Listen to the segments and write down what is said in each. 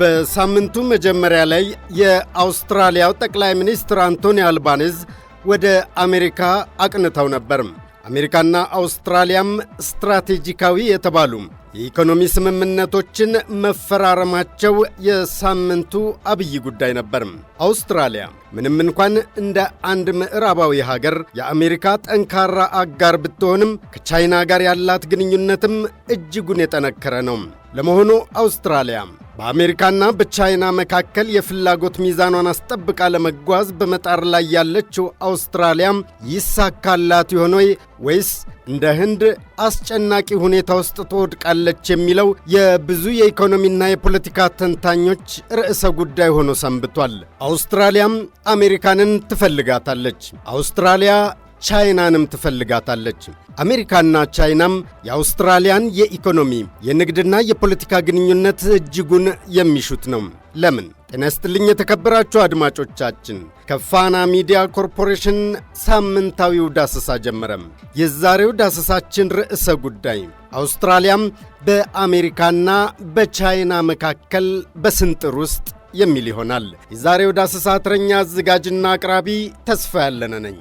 በሳምንቱ መጀመሪያ ላይ የአውስትራሊያው ጠቅላይ ሚኒስትር አንቶኒ አልባኒዝ ወደ አሜሪካ አቅንተው ነበር። አሜሪካና አውስትራሊያም ስትራቴጂካዊ የተባሉ የኢኮኖሚ ስምምነቶችን መፈራረማቸው የሳምንቱ አብይ ጉዳይ ነበር። አውስትራሊያ ምንም እንኳን እንደ አንድ ምዕራባዊ ሀገር የአሜሪካ ጠንካራ አጋር ብትሆንም ከቻይና ጋር ያላት ግንኙነትም እጅጉን የጠነከረ ነው። ለመሆኑ አውስትራሊያ በአሜሪካና በቻይና መካከል የፍላጎት ሚዛኗን አስጠብቃ ለመጓዝ በመጣር ላይ ያለችው አውስትራሊያም ይሳካላት ይሆን ወይስ እንደ ህንድ አስጨናቂ ሁኔታ ውስጥ ትወድቃለች የሚለው የብዙ የኢኮኖሚና የፖለቲካ ተንታኞች ርዕሰ ጉዳይ ሆኖ ሰንብቷል። አውስትራሊያም አሜሪካንን ትፈልጋታለች። አውስትራሊያ ቻይናንም ትፈልጋታለች። አሜሪካና ቻይናም የአውስትራሊያን የኢኮኖሚ የንግድና የፖለቲካ ግንኙነት እጅጉን የሚሹት ነው። ለምን? ጤና ይስጥልኝ የተከበራችሁ አድማጮቻችን፣ ከፋና ሚዲያ ኮርፖሬሽን ሳምንታዊው ዳሰሳ ጀመረም። የዛሬው ዳሰሳችን ርዕሰ ጉዳይ አውስትራሊያም በአሜሪካና በቻይና መካከል በስንጥር ውስጥ የሚል ይሆናል። የዛሬው ዳሰሳ ተረኛ አዘጋጅና አቅራቢ ተስፋ ያለነ ነኝ።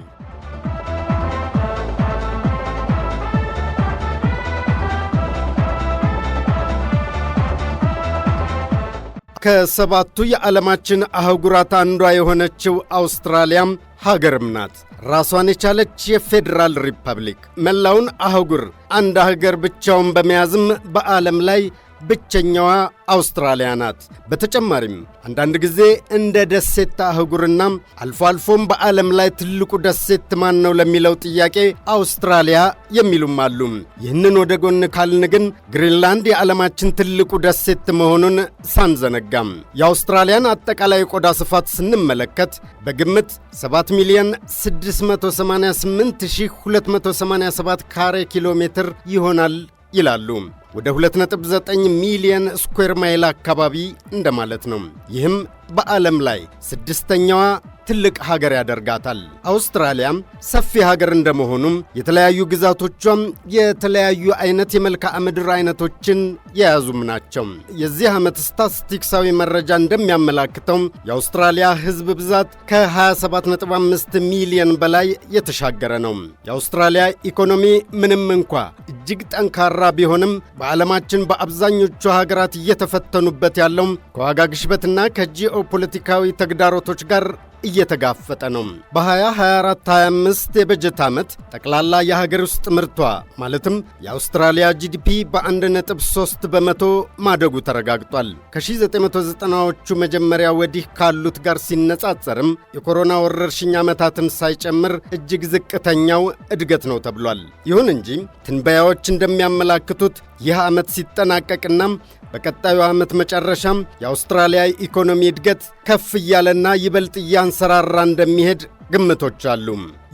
ከሰባቱ የዓለማችን አህጉራት አንዷ የሆነችው አውስትራሊያም ሀገርም ናት። ራሷን የቻለች የፌዴራል ሪፐብሊክ መላውን አህጉር አንድ ሀገር ብቻውን በመያዝም በዓለም ላይ ብቸኛዋ አውስትራሊያ ናት። በተጨማሪም አንዳንድ ጊዜ እንደ ደሴት አህጉርና አልፎ አልፎም በዓለም ላይ ትልቁ ደሴት ማን ነው ለሚለው ጥያቄ አውስትራሊያ የሚሉም አሉ። ይህንን ወደ ጎን ካልን ግን ግሪንላንድ የዓለማችን ትልቁ ደሴት መሆኑን ሳንዘነጋም የአውስትራሊያን አጠቃላይ የቆዳ ስፋት ስንመለከት በግምት 7 ሚሊዮን 688287 ካሬ ኪሎ ሜትር ይሆናል ይላሉ። ወደ 2.9 ሚሊየን ስኩዌር ማይል አካባቢ እንደማለት ነው። ይህም በዓለም ላይ ስድስተኛዋ ትልቅ ሀገር ያደርጋታል። አውስትራሊያም ሰፊ ሀገር እንደመሆኑም የተለያዩ ግዛቶቿም የተለያዩ አይነት የመልክዓ ምድር አይነቶችን የያዙም ናቸው። የዚህ ዓመት ስታትስቲክሳዊ መረጃ እንደሚያመላክተው የአውስትራሊያ ሕዝብ ብዛት ከ27.5 ሚሊዮን በላይ የተሻገረ ነው። የአውስትራሊያ ኢኮኖሚ ምንም እንኳ እጅግ ጠንካራ ቢሆንም በዓለማችን በአብዛኞቹ ሀገራት እየተፈተኑበት ያለው ከዋጋ ግሽበትና ከጂኦ ፖለቲካዊ ተግዳሮቶች ጋር እየተጋፈጠ ነው። በ2024/25 የበጀት ዓመት ጠቅላላ የሀገር ውስጥ ምርቷ ማለትም የአውስትራሊያ ጂዲፒ በ1.3 በመቶ ማደጉ ተረጋግጧል። ከ1990ዎቹ መጀመሪያ ወዲህ ካሉት ጋር ሲነጻጸርም የኮሮና ወረርሽኝ ዓመታትን ሳይጨምር እጅግ ዝቅተኛው እድገት ነው ተብሏል። ይሁን እንጂ ትንበያዎች እንደሚያመላክቱት ይህ ዓመት ሲጠናቀቅናም በቀጣዩ ዓመት መጨረሻም የአውስትራሊያ ኢኮኖሚ እድገት ከፍ እያለና ይበልጥ እያንሰራራ እንደሚሄድ ግምቶች አሉ።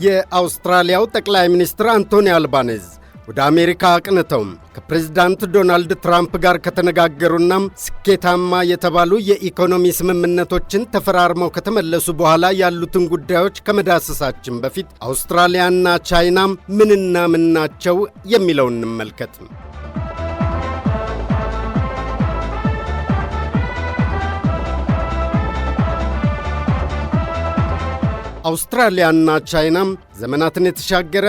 የአውስትራሊያው ጠቅላይ ሚኒስትር አንቶኒ አልባኔዝ ወደ አሜሪካ አቅንተው ከፕሬዝዳንት ዶናልድ ትራምፕ ጋር ከተነጋገሩና ስኬታማ የተባሉ የኢኮኖሚ ስምምነቶችን ተፈራርመው ከተመለሱ በኋላ ያሉትን ጉዳዮች ከመዳሰሳችን በፊት አውስትራሊያና ቻይና ምንና ምን ናቸው የሚለውን እንመልከት። አውስትራሊያና ቻይና ዘመናትን የተሻገረ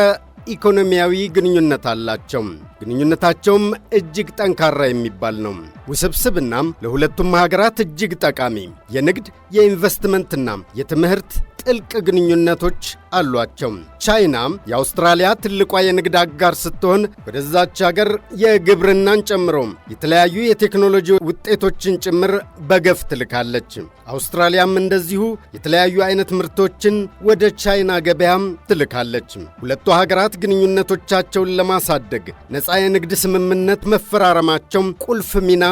ኢኮኖሚያዊ ግንኙነት አላቸው። ግንኙነታቸውም እጅግ ጠንካራ የሚባል ነው። ውስብስብና ለሁለቱም ሀገራት እጅግ ጠቃሚ የንግድ የኢንቨስትመንትና የትምህርት ጥልቅ ግንኙነቶች አሏቸው። ቻይና የአውስትራሊያ ትልቋ የንግድ አጋር ስትሆን ወደዛች ሀገር የግብርናን ጨምሮ የተለያዩ የቴክኖሎጂ ውጤቶችን ጭምር በገፍ ትልካለች። አውስትራሊያም እንደዚሁ የተለያዩ አይነት ምርቶችን ወደ ቻይና ገበያም ትልካለች። ሁለቱ ሀገራት ግንኙነቶቻቸውን ለማሳደግ ነፃ የንግድ ስምምነት መፈራረማቸው ቁልፍ ሚና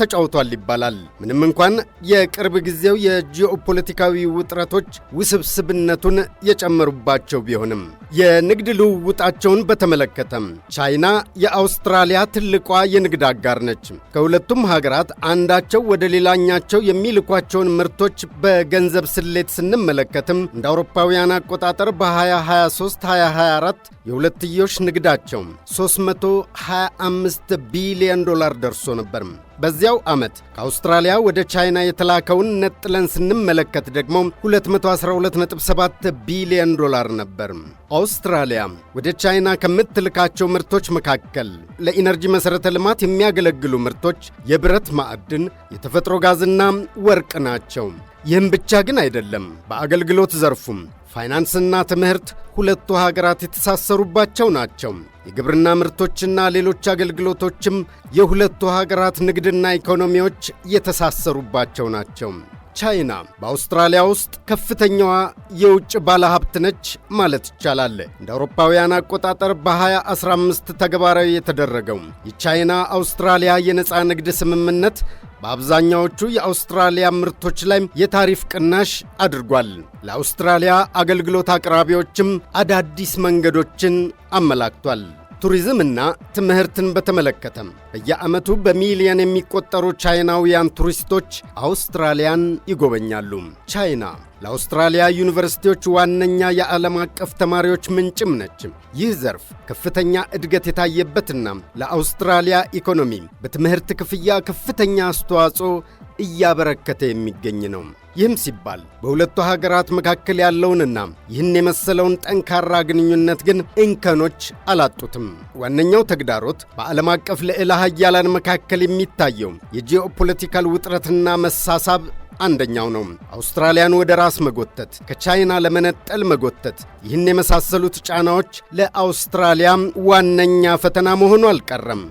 ተጫውቷል ይባላል። ምንም እንኳን የቅርብ ጊዜው የጂኦፖለቲካዊ ውጥረቶች ውስብስብነቱን የጨመሩባቸው ቢሆንም የንግድ ልውውጣቸውን በተመለከተም ቻይና የአውስትራሊያ ትልቋ የንግድ አጋር ነች። ከሁለቱም ሀገራት አንዳቸው ወደ ሌላኛቸው የሚልኳቸውን ምርቶች በገንዘብ ስሌት ስንመለከትም እንደ አውሮፓውያን አቆጣጠር በ2023 2024 የሁለትዮሽ ንግዳቸው 325 ቢሊዮን ዶላር ደርሶ ነበር። በዚያው ዓመት ከአውስትራሊያ ወደ ቻይና የተላከውን ነጥለን ስንመለከት ደግሞ 212.7 ቢሊዮን ዶላር ነበር። አውስትራሊያ ወደ ቻይና ከምትልካቸው ምርቶች መካከል ለኢነርጂ መሠረተ ልማት የሚያገለግሉ ምርቶች የብረት ማዕድን፣ የተፈጥሮ ጋዝና ወርቅ ናቸው። ይህም ብቻ ግን አይደለም። በአገልግሎት ዘርፉም ፋይናንስና ትምህርት ሁለቱ ሀገራት የተሳሰሩባቸው ናቸው። የግብርና ምርቶችና ሌሎች አገልግሎቶችም የሁለቱ ሀገራት ንግድና ኢኮኖሚዎች የተሳሰሩባቸው ናቸው። ቻይና በአውስትራሊያ ውስጥ ከፍተኛዋ የውጭ ባለሀብት ነች ማለት ይቻላል። እንደ አውሮፓውያን አቆጣጠር በ2015 ተግባራዊ የተደረገው የቻይና አውስትራሊያ የነፃ ንግድ ስምምነት በአብዛኛዎቹ የአውስትራሊያ ምርቶች ላይ የታሪፍ ቅናሽ አድርጓል። ለአውስትራሊያ አገልግሎት አቅራቢዎችም አዳዲስ መንገዶችን አመላክቷል። ቱሪዝምና ትምህርትን በተመለከተም በየዓመቱ በሚሊዮን የሚቆጠሩ ቻይናውያን ቱሪስቶች አውስትራሊያን ይጎበኛሉ። ቻይና ለአውስትራሊያ ዩኒቨርሲቲዎች ዋነኛ የዓለም አቀፍ ተማሪዎች ምንጭም ነች። ይህ ዘርፍ ከፍተኛ እድገት የታየበትና ለአውስትራሊያ ኢኮኖሚ በትምህርት ክፍያ ከፍተኛ አስተዋጽኦ እያበረከተ የሚገኝ ነው። ይህም ሲባል በሁለቱ ሀገራት መካከል ያለውንና ይህን የመሰለውን ጠንካራ ግንኙነት ግን እንከኖች አላጡትም። ዋነኛው ተግዳሮት በዓለም አቀፍ ልዕለ ሀያላን መካከል የሚታየው የጂኦፖለቲካል ውጥረትና መሳሳብ አንደኛው ነው። አውስትራሊያን ወደ ራስ መጎተት፣ ከቻይና ለመነጠል መጎተት፣ ይህን የመሳሰሉት ጫናዎች ለአውስትራሊያ ዋነኛ ፈተና መሆኑ አልቀረም።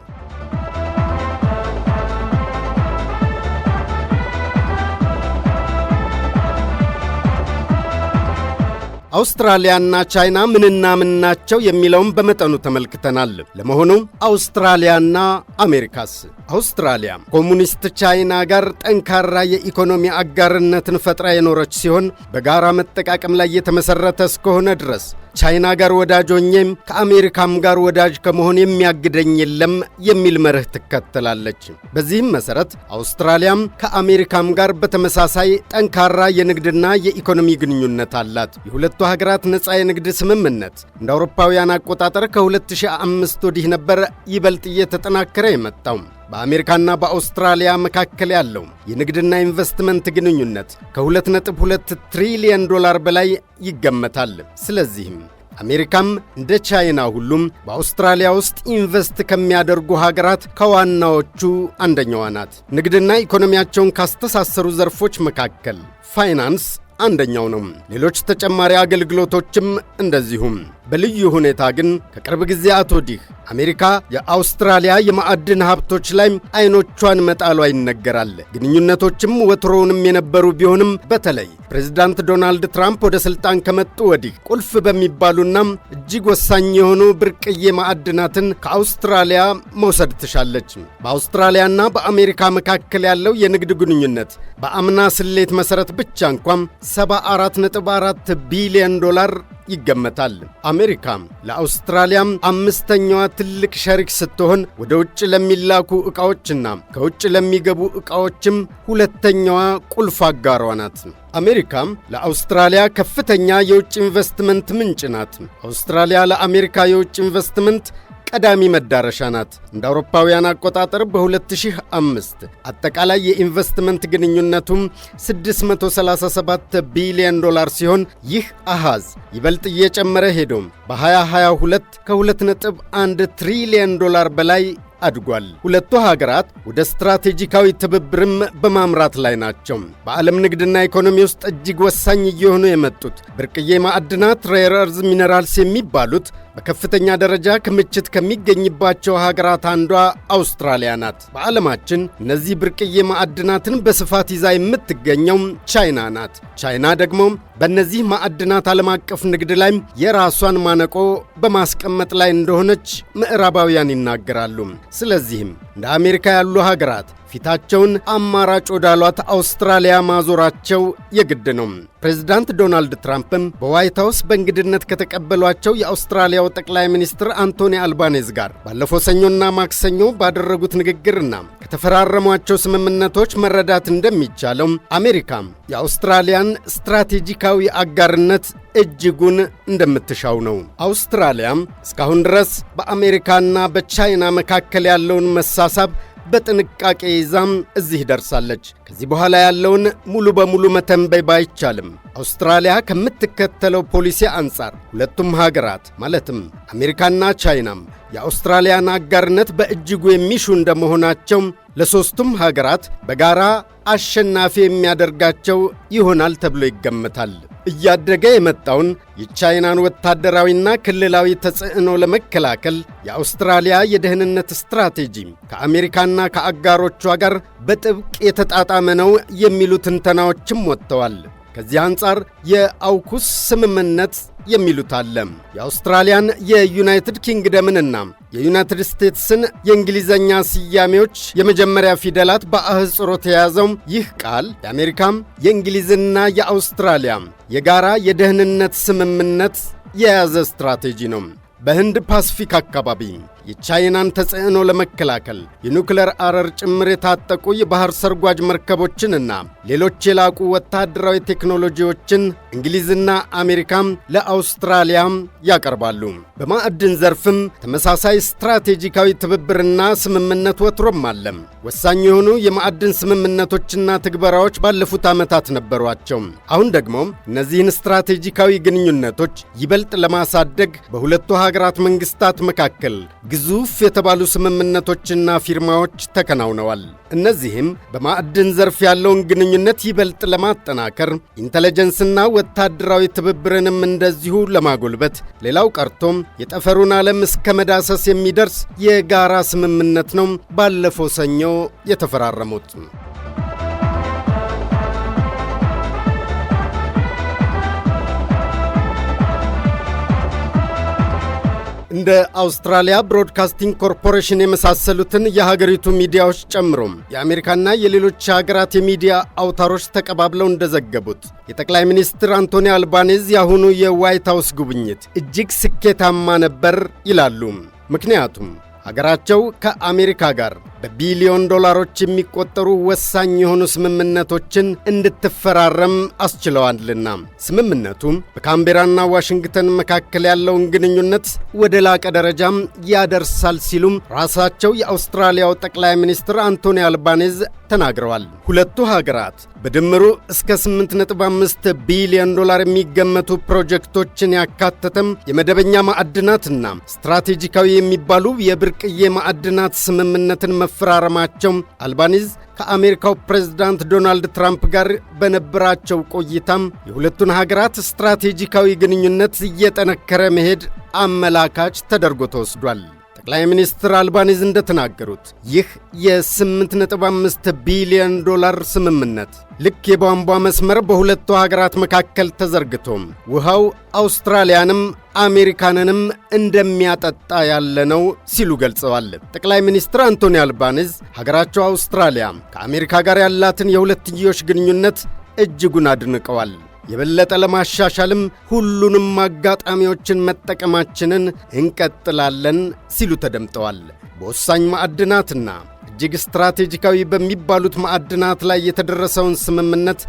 አውስትራሊያና ቻይና ምንና ምን ናቸው የሚለውን በመጠኑ ተመልክተናል። ለመሆኑ አውስትራሊያና አሜሪካስ አውስትራሊያ ኮሙኒስት ቻይና ጋር ጠንካራ የኢኮኖሚ አጋርነትን ፈጥራ የኖረች ሲሆን በጋራ መጠቃቀም ላይ የተመሠረተ እስከሆነ ድረስ ቻይና ጋር ወዳጅ ሆኜም ከአሜሪካም ጋር ወዳጅ ከመሆን የሚያግደኝ የለም የሚል መርህ ትከተላለች። በዚህም መሠረት አውስትራሊያም ከአሜሪካም ጋር በተመሳሳይ ጠንካራ የንግድና የኢኮኖሚ ግንኙነት አላት። የሁለቱ ሀገራት ነፃ የንግድ ስምምነት እንደ አውሮፓውያን አቆጣጠር ከ2005 ወዲህ ነበር ይበልጥ እየተጠናከረ የመጣው። በአሜሪካና በአውስትራሊያ መካከል ያለው የንግድና ኢንቨስትመንት ግንኙነት ከ2.2 ትሪሊየን ዶላር በላይ ይገመታል። ስለዚህም አሜሪካም እንደ ቻይና ሁሉም በአውስትራሊያ ውስጥ ኢንቨስት ከሚያደርጉ ሀገራት ከዋናዎቹ አንደኛዋ ናት። ንግድና ኢኮኖሚያቸውን ካስተሳሰሩ ዘርፎች መካከል ፋይናንስ አንደኛው ነው። ሌሎች ተጨማሪ አገልግሎቶችም እንደዚሁም። በልዩ ሁኔታ ግን ከቅርብ ጊዜያት ወዲህ አሜሪካ የአውስትራሊያ የማዕድን ሀብቶች ላይም አይኖቿን መጣሏ ይነገራል። ግንኙነቶችም ወትሮውንም የነበሩ ቢሆንም በተለይ ፕሬዚዳንት ዶናልድ ትራምፕ ወደ ሥልጣን ከመጡ ወዲህ ቁልፍ በሚባሉና እጅግ ወሳኝ የሆኑ ብርቅዬ ማዕድናትን ከአውስትራሊያ መውሰድ ትሻለች። በአውስትራሊያና በአሜሪካ መካከል ያለው የንግድ ግንኙነት በአምና ስሌት መሠረት ብቻ እንኳም 74.4 ቢሊዮን ዶላር ይገመታል። አሜሪካ ለአውስትራሊያም አምስተኛዋ ትልቅ ሸሪክ ስትሆን ወደ ውጭ ለሚላኩ ዕቃዎችና ከውጭ ለሚገቡ ዕቃዎችም ሁለተኛዋ ቁልፍ አጋሯ ናት። አሜሪካም ለአውስትራሊያ ከፍተኛ የውጭ ኢንቨስትመንት ምንጭ ናት። አውስትራሊያ ለአሜሪካ የውጭ ኢንቨስትመንት ቀዳሚ መዳረሻ ናት። እንደ አውሮፓውያን አቆጣጠር በ2005 አጠቃላይ የኢንቨስትመንት ግንኙነቱም 637 ቢሊዮን ዶላር ሲሆን ይህ አሃዝ ይበልጥ እየጨመረ ሄዶም በ2022 ከ2.1 ትሪሊዮን ዶላር በላይ አድጓል። ሁለቱ ሀገራት ወደ ስትራቴጂካዊ ትብብርም በማምራት ላይ ናቸው። በዓለም ንግድና ኢኮኖሚ ውስጥ እጅግ ወሳኝ እየሆኑ የመጡት ብርቅዬ ማዕድናት ሬር እርዝ ሚነራልስ የሚባሉት በከፍተኛ ደረጃ ክምችት ከሚገኝባቸው ሀገራት አንዷ አውስትራሊያ ናት። በዓለማችን እነዚህ ብርቅዬ ማዕድናትን በስፋት ይዛ የምትገኘው ቻይና ናት። ቻይና ደግሞ በእነዚህ ማዕድናት ዓለም አቀፍ ንግድ ላይም የራሷን ማነቆ በማስቀመጥ ላይ እንደሆነች ምዕራባውያን ይናገራሉ። ስለዚህም እንደ አሜሪካ ያሉ ሀገራት ፊታቸውን አማራጭ ወዳሏት አውስትራሊያ ማዞራቸው የግድ ነው። ፕሬዚዳንት ዶናልድ ትራምፕም በዋይት ሀውስ በእንግድነት ከተቀበሏቸው የአውስትራሊያው ጠቅላይ ሚኒስትር አንቶኒ አልባኔዝ ጋር ባለፈው ሰኞና ማክሰኞ ባደረጉት ንግግርና ከተፈራረሟቸው ስምምነቶች መረዳት እንደሚቻለው አሜሪካም የአውስትራሊያን ስትራቴጂካዊ አጋርነት እጅጉን እንደምትሻው ነው። አውስትራሊያም እስካሁን ድረስ በአሜሪካና በቻይና መካከል ያለውን መሳሳብ በጥንቃቄ ይዛም እዚህ ደርሳለች። ከዚህ በኋላ ያለውን ሙሉ በሙሉ መተንበይ ባይቻልም አውስትራሊያ ከምትከተለው ፖሊሲ አንጻር ሁለቱም ሀገራት ማለትም አሜሪካና ቻይናም የአውስትራሊያን አጋርነት በእጅጉ የሚሹ እንደመሆናቸው ለሦስቱም ሀገራት በጋራ አሸናፊ የሚያደርጋቸው ይሆናል ተብሎ ይገመታል። እያደገ የመጣውን የቻይናን ወታደራዊና ክልላዊ ተጽዕኖ ለመከላከል የአውስትራሊያ የደህንነት ስትራቴጂ ከአሜሪካና ከአጋሮቿ ጋር በጥብቅ የተጣጣመ ነው የሚሉ ትንተናዎችም ወጥተዋል። ከዚህ አንጻር የአውኩስ ስምምነት የሚሉት አለ። የአውስትራሊያን የዩናይትድ ኪንግደምንና የዩናይትድ ስቴትስን የእንግሊዘኛ ስያሜዎች የመጀመሪያ ፊደላት በአህጽሮት የያዘው ይህ ቃል የአሜሪካም የእንግሊዝና የአውስትራሊያ የጋራ የደህንነት ስምምነት የያዘ ስትራቴጂ ነው። በህንድ ፓስፊክ አካባቢ የቻይናን ተጽዕኖ ለመከላከል የኑክለር አረር ጭምር የታጠቁ የባህር ሰርጓጅ መርከቦችንና ሌሎች የላቁ ወታደራዊ ቴክኖሎጂዎችን እንግሊዝና አሜሪካም ለአውስትራሊያም ያቀርባሉ። በማዕድን ዘርፍም ተመሳሳይ ስትራቴጂካዊ ትብብርና ስምምነት ወትሮም አለ። ወሳኝ የሆኑ የማዕድን ስምምነቶችና ትግበራዎች ባለፉት ዓመታት ነበሯቸው። አሁን ደግሞ እነዚህን ስትራቴጂካዊ ግንኙነቶች ይበልጥ ለማሳደግ በሁለቱ ሀገራት መንግስታት መካከል ግዙፍ የተባሉ ስምምነቶችና ፊርማዎች ተከናውነዋል። እነዚህም በማዕድን ዘርፍ ያለውን ግንኙነት ይበልጥ ለማጠናከር ኢንተለጀንስና ወታደራዊ ትብብርንም እንደዚሁ ለማጎልበት ሌላው ቀርቶም የጠፈሩን ዓለም እስከ መዳሰስ የሚደርስ የጋራ ስምምነት ነው ባለፈው ሰኞ የተፈራረሙት። እንደ አውስትራሊያ ብሮድካስቲንግ ኮርፖሬሽን የመሳሰሉትን የሀገሪቱ ሚዲያዎች ጨምሮም የአሜሪካና የሌሎች ሀገራት የሚዲያ አውታሮች ተቀባብለው እንደዘገቡት የጠቅላይ ሚኒስትር አንቶኒ አልባኔዝ የአሁኑ የዋይት ሀውስ ጉብኝት እጅግ ስኬታማ ነበር ይላሉ። ምክንያቱም ሀገራቸው ከአሜሪካ ጋር በቢሊዮን ዶላሮች የሚቆጠሩ ወሳኝ የሆኑ ስምምነቶችን እንድትፈራረም አስችለዋልና ስምምነቱም በካምቤራና ዋሽንግተን መካከል ያለውን ግንኙነት ወደ ላቀ ደረጃም ያደርሳል ሲሉም ራሳቸው የአውስትራሊያው ጠቅላይ ሚኒስትር አንቶኒ አልባኔዝ ተናግረዋል። ሁለቱ ሀገራት በድምሩ እስከ 8.5 ቢሊዮን ዶላር የሚገመቱ ፕሮጀክቶችን ያካተተም የመደበኛ ማዕድናትና ስትራቴጂካዊ የሚባሉ የብርቅዬ ማዕድናት ስምምነትን መፈራረማቸው አልባኒዝ ከአሜሪካው ፕሬዝዳንት ዶናልድ ትራምፕ ጋር በነበራቸው ቆይታም የሁለቱን ሀገራት ስትራቴጂካዊ ግንኙነት እየጠነከረ መሄድ አመላካች ተደርጎ ተወስዷል። ጠቅላይ ሚኒስትር አልባኒዝ እንደተናገሩት ይህ የ8.5 ቢሊዮን ዶላር ስምምነት ልክ የቧንቧ መስመር በሁለቱ ሀገራት መካከል ተዘርግቶም ውሃው አውስትራሊያንም አሜሪካንንም እንደሚያጠጣ ያለ ነው ሲሉ ገልጸዋል። ጠቅላይ ሚኒስትር አንቶኒ አልባኒዝ ሀገራቸው አውስትራሊያ ከአሜሪካ ጋር ያላትን የሁለትዮሽ ግንኙነት እጅጉን አድንቀዋል። የበለጠ ለማሻሻልም ሁሉንም አጋጣሚዎችን መጠቀማችንን እንቀጥላለን ሲሉ ተደምጠዋል። በወሳኝ ማዕድናትና እጅግ ስትራቴጂካዊ በሚባሉት ማዕድናት ላይ የተደረሰውን ስምምነት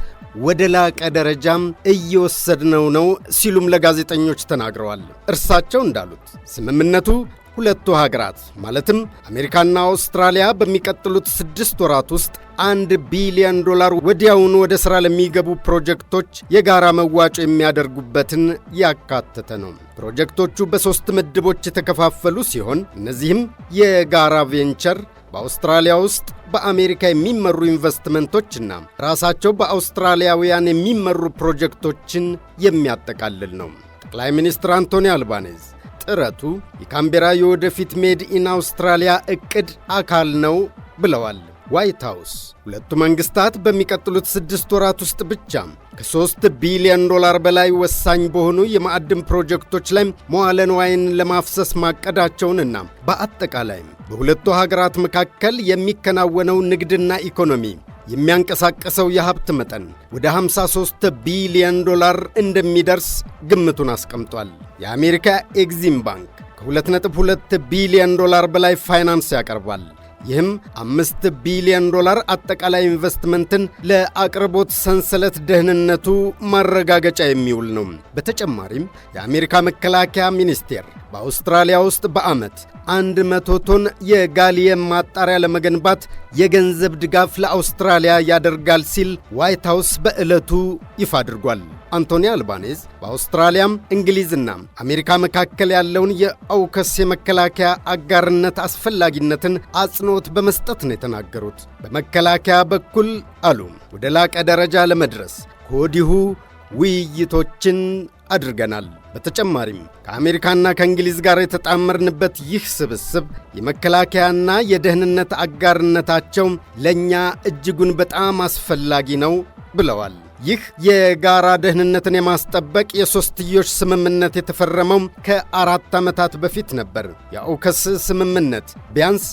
ወደ ላቀ ደረጃም እየወሰድነው ነው ሲሉም ለጋዜጠኞች ተናግረዋል። እርሳቸው እንዳሉት ስምምነቱ ሁለቱ ሀገራት ማለትም አሜሪካና አውስትራሊያ በሚቀጥሉት ስድስት ወራት ውስጥ አንድ ቢሊዮን ዶላር ወዲያውኑ ወደ ሥራ ለሚገቡ ፕሮጀክቶች የጋራ መዋጮ የሚያደርጉበትን ያካተተ ነው። ፕሮጀክቶቹ በሦስት ምድቦች የተከፋፈሉ ሲሆን እነዚህም የጋራ ቬንቸር በአውስትራሊያ ውስጥ በአሜሪካ የሚመሩ ኢንቨስትመንቶችና ራሳቸው በአውስትራሊያውያን የሚመሩ ፕሮጀክቶችን የሚያጠቃልል ነው። ጠቅላይ ሚኒስትር አንቶኒ አልባኔዝ ጥረቱ የካምቤራ የወደፊት ሜድ ኢን አውስትራሊያ እቅድ አካል ነው ብለዋል። ዋይት ሃውስ ሁለቱ መንግስታት በሚቀጥሉት ስድስት ወራት ውስጥ ብቻ ከሦስት ቢሊዮን ዶላር በላይ ወሳኝ በሆኑ የማዕድን ፕሮጀክቶች ላይ መዋለ ንዋይን ለማፍሰስ ማቀዳቸውንና በአጠቃላይም በሁለቱ ሀገራት መካከል የሚከናወነው ንግድና ኢኮኖሚ የሚያንቀሳቀሰው የሀብት መጠን ወደ 53 ቢሊዮን ዶላር እንደሚደርስ ግምቱን አስቀምጧል። የአሜሪካ ኤግዚም ባንክ ከ2.2 ቢሊዮን ዶላር በላይ ፋይናንስ ያቀርባል። ይህም አምስት ቢሊዮን ዶላር አጠቃላይ ኢንቨስትመንትን ለአቅርቦት ሰንሰለት ደህንነቱ ማረጋገጫ የሚውል ነው። በተጨማሪም የአሜሪካ መከላከያ ሚኒስቴር በአውስትራሊያ ውስጥ በዓመት መቶ ቶን የጋሊየም ማጣሪያ ለመገንባት የገንዘብ ድጋፍ ለአውስትራሊያ ያደርጋል ሲል ዋይት ሃውስ በዕለቱ ይፋ አድርጓል። አንቶኒ አልባኔዝ በአውስትራሊያም እንግሊዝና አሜሪካ መካከል ያለውን የአውከስ የመከላከያ አጋርነት አስፈላጊነትን አጽንኦት በመስጠት ነው የተናገሩት። በመከላከያ በኩል አሉ ወደ ላቀ ደረጃ ለመድረስ ከወዲሁ ውይይቶችን አድርገናል። በተጨማሪም ከአሜሪካና ከእንግሊዝ ጋር የተጣመርንበት ይህ ስብስብ የመከላከያና የደህንነት አጋርነታቸው ለእኛ እጅጉን በጣም አስፈላጊ ነው ብለዋል። ይህ የጋራ ደህንነትን የማስጠበቅ የሦስትዮሽ ስምምነት የተፈረመው ከአራት ዓመታት በፊት ነበር። የአውከስ ስምምነት ቢያንስ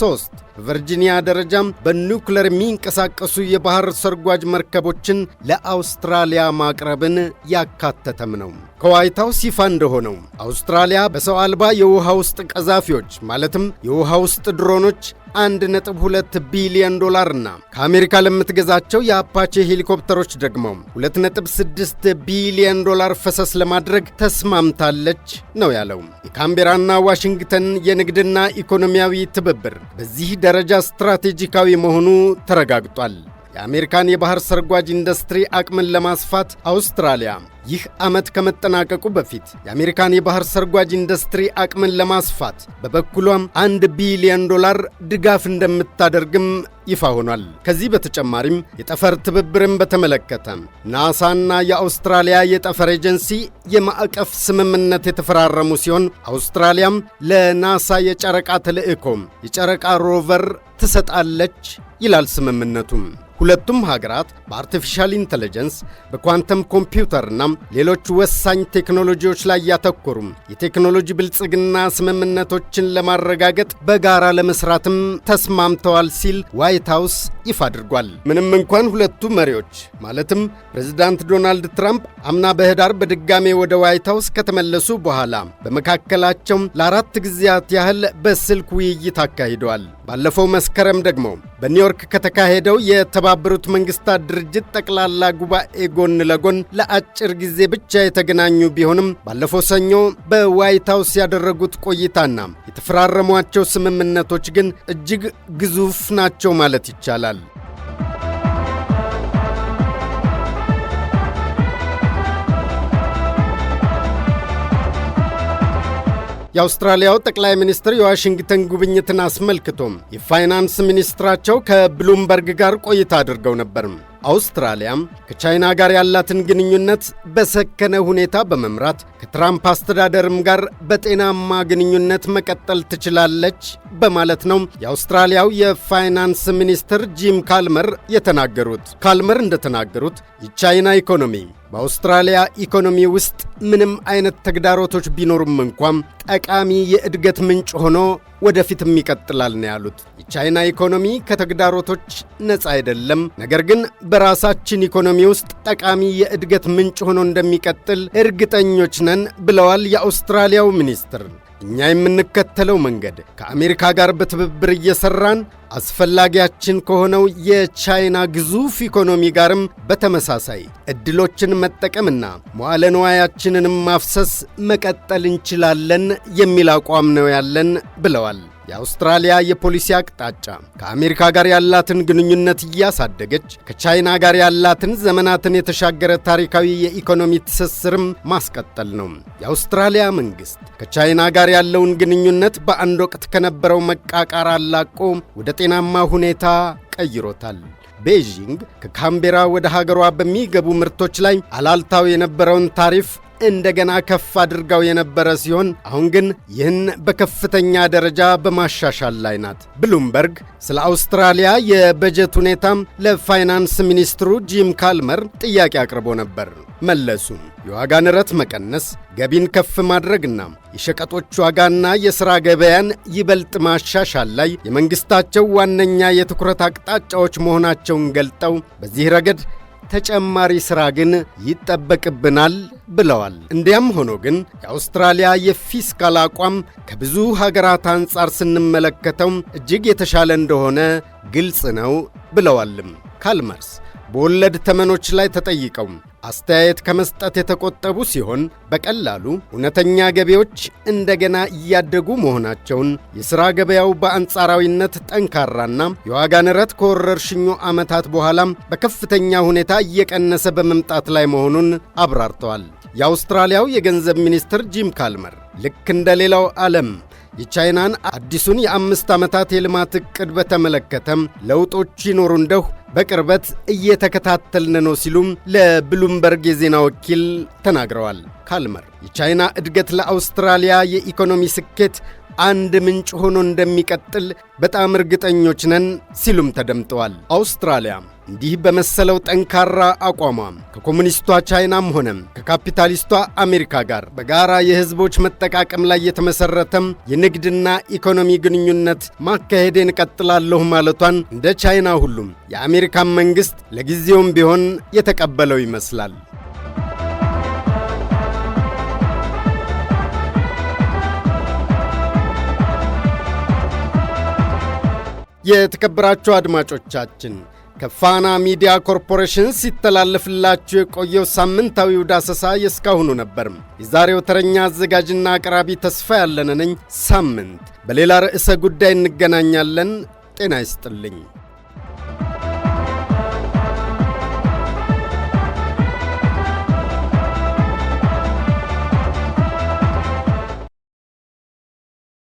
ሶስት ቨርጂኒያ ደረጃም በኒውክለር የሚንቀሳቀሱ የባህር ሰርጓጅ መርከቦችን ለአውስትራሊያ ማቅረብን ያካተተም ነው። ከዋይት ሃውስ ይፋ እንደሆነው አውስትራሊያ በሰው አልባ የውሃ ውስጥ ቀዛፊዎች ማለትም የውሃ ውስጥ ድሮኖች 1.2 ቢሊዮን ዶላርና ከአሜሪካ ለምትገዛቸው የአፓቼ ሄሊኮፕተሮች ደግሞ 2.6 ቢሊዮን ዶላር ፈሰስ ለማድረግ ተስማምታለች ነው ያለው። የካምቤራና ዋሽንግተን የንግድና ኢኮኖሚያዊ ትብብር በዚህ ደረጃ ስትራቴጂካዊ መሆኑ ተረጋግጧል። የአሜሪካን የባህር ሰርጓጅ ኢንዱስትሪ አቅምን ለማስፋት አውስትራሊያ ይህ ዓመት ከመጠናቀቁ በፊት የአሜሪካን የባህር ሰርጓጅ ኢንዱስትሪ አቅምን ለማስፋት በበኩሏም አንድ ቢሊዮን ዶላር ድጋፍ እንደምታደርግም ይፋ ሆኗል። ከዚህ በተጨማሪም የጠፈር ትብብርን በተመለከተ ናሳና የአውስትራሊያ የጠፈር ኤጀንሲ የማዕቀፍ ስምምነት የተፈራረሙ ሲሆን አውስትራሊያም ለናሳ የጨረቃ ተልዕኮም የጨረቃ ሮቨር ትሰጣለች ይላል ስምምነቱም። ሁለቱም ሀገራት በአርቲፊሻል ኢንተለጀንስ በኳንተም ኮምፒውተርና ሌሎች ወሳኝ ቴክኖሎጂዎች ላይ ያተኮሩም የቴክኖሎጂ ብልጽግና ስምምነቶችን ለማረጋገጥ በጋራ ለመስራትም ተስማምተዋል ሲል ዋይት ሀውስ ይፋ አድርጓል። ምንም እንኳን ሁለቱ መሪዎች ማለትም ፕሬዚዳንት ዶናልድ ትራምፕ አምና በህዳር በድጋሜ ወደ ዋይት ሀውስ ከተመለሱ በኋላ በመካከላቸው ለአራት ጊዜያት ያህል በስልክ ውይይት አካሂደዋል። ባለፈው መስከረም ደግሞ በኒውዮርክ ከተካሄደው የተባ ከተባበሩት መንግስታት ድርጅት ጠቅላላ ጉባኤ ጎን ለጎን ለአጭር ጊዜ ብቻ የተገናኙ ቢሆንም ባለፈው ሰኞ በዋይት ሀውስ ያደረጉት ቆይታና የተፈራረሟቸው ስምምነቶች ግን እጅግ ግዙፍ ናቸው ማለት ይቻላል። የአውስትራሊያው ጠቅላይ ሚኒስትር የዋሽንግተን ጉብኝትን አስመልክቶም የፋይናንስ ሚኒስትራቸው ከብሉምበርግ ጋር ቆይታ አድርገው ነበር። አውስትራሊያም ከቻይና ጋር ያላትን ግንኙነት በሰከነ ሁኔታ በመምራት ከትራምፕ አስተዳደርም ጋር በጤናማ ግንኙነት መቀጠል ትችላለች በማለት ነው የአውስትራሊያው የፋይናንስ ሚኒስትር ጂም ካልመር የተናገሩት። ካልመር እንደተናገሩት የቻይና ኢኮኖሚ በአውስትራሊያ ኢኮኖሚ ውስጥ ምንም አይነት ተግዳሮቶች ቢኖሩም እንኳም ጠቃሚ የእድገት ምንጭ ሆኖ ወደፊትም ይቀጥላል ነው ያሉት። የቻይና ኢኮኖሚ ከተግዳሮቶች ነፃ አይደለም፣ ነገር ግን በራሳችን ኢኮኖሚ ውስጥ ጠቃሚ የእድገት ምንጭ ሆኖ እንደሚቀጥል እርግጠኞች ነን ብለዋል የአውስትራሊያው ሚኒስትር። እኛ የምንከተለው መንገድ ከአሜሪካ ጋር በትብብር እየሰራን አስፈላጊያችን ከሆነው የቻይና ግዙፍ ኢኮኖሚ ጋርም በተመሳሳይ ዕድሎችን መጠቀምና መዋለ ንዋያችንንም ማፍሰስ መቀጠል እንችላለን የሚል አቋም ነው ያለን ብለዋል። የአውስትራሊያ የፖሊሲ አቅጣጫ ከአሜሪካ ጋር ያላትን ግንኙነት እያሳደገች ከቻይና ጋር ያላትን ዘመናትን የተሻገረ ታሪካዊ የኢኮኖሚ ትስስርም ማስቀጠል ነው። የአውስትራሊያ መንግሥት ከቻይና ጋር ያለውን ግንኙነት በአንድ ወቅት ከነበረው መቃቃር አላቆ ወደ ጤናማ ሁኔታ ቀይሮታል። ቤዢንግ ከካምቤራ ወደ ሀገሯ በሚገቡ ምርቶች ላይ አላልታው የነበረውን ታሪፍ እንደገና ከፍ አድርጋው የነበረ ሲሆን አሁን ግን ይህን በከፍተኛ ደረጃ በማሻሻል ላይ ናት። ብሉምበርግ ስለ አውስትራሊያ የበጀት ሁኔታም ለፋይናንስ ሚኒስትሩ ጂም ካልመር ጥያቄ አቅርቦ ነበር። መለሱ የዋጋ ንረት መቀነስ፣ ገቢን ከፍ ማድረግና የሸቀጦች ዋጋና የሥራ ገበያን ይበልጥ ማሻሻል ላይ የመንግሥታቸው ዋነኛ የትኩረት አቅጣጫዎች መሆናቸውን ገልጠው በዚህ ረገድ ተጨማሪ ሥራ ግን ይጠበቅብናል ብለዋል። እንዲያም ሆኖ ግን የአውስትራሊያ የፊስካል አቋም ከብዙ ሀገራት አንጻር ስንመለከተው እጅግ የተሻለ እንደሆነ ግልጽ ነው ብለዋልም ካልመርስ በወለድ ተመኖች ላይ ተጠይቀው አስተያየት ከመስጠት የተቆጠቡ ሲሆን በቀላሉ እውነተኛ ገቢዎች እንደገና እያደጉ መሆናቸውን፣ የሥራ ገበያው በአንጻራዊነት ጠንካራና የዋጋ ንረት ከወረርሽኙ ዓመታት በኋላም በከፍተኛ ሁኔታ እየቀነሰ በመምጣት ላይ መሆኑን አብራርተዋል። የአውስትራሊያው የገንዘብ ሚኒስትር ጂም ካልመር ልክ እንደ ሌላው ዓለም የቻይናን አዲሱን የአምስት ዓመታት የልማት ዕቅድ በተመለከተም ለውጦች ይኖሩ እንደሁ በቅርበት እየተከታተልን ነው ሲሉም ለብሉምበርግ የዜና ወኪል ተናግረዋል። ካልመር የቻይና እድገት ለአውስትራሊያ የኢኮኖሚ ስኬት አንድ ምንጭ ሆኖ እንደሚቀጥል በጣም እርግጠኞች ነን ሲሉም ተደምጠዋል። አውስትራሊያ እንዲህ በመሰለው ጠንካራ አቋሟ ከኮሙኒስቷ ቻይናም ሆነ ከካፒታሊስቷ አሜሪካ ጋር በጋራ የሕዝቦች መጠቃቀም ላይ የተመሠረተም የንግድና ኢኮኖሚ ግንኙነት ማካሄዴን እቀጥላለሁ ማለቷን እንደ ቻይና ሁሉም የአሜሪካን መንግሥት ለጊዜውም ቢሆን የተቀበለው ይመስላል። የተከበራችሁ አድማጮቻችን ከፋና ሚዲያ ኮርፖሬሽን ሲተላለፍላችሁ የቆየው ሳምንታዊው ዳሰሳ የእስካሁኑ ነበር። የዛሬው ተረኛ አዘጋጅና አቅራቢ ተስፋ ያለነ ነኝ። ሳምንት በሌላ ርዕሰ ጉዳይ እንገናኛለን። ጤና ይስጥልኝ።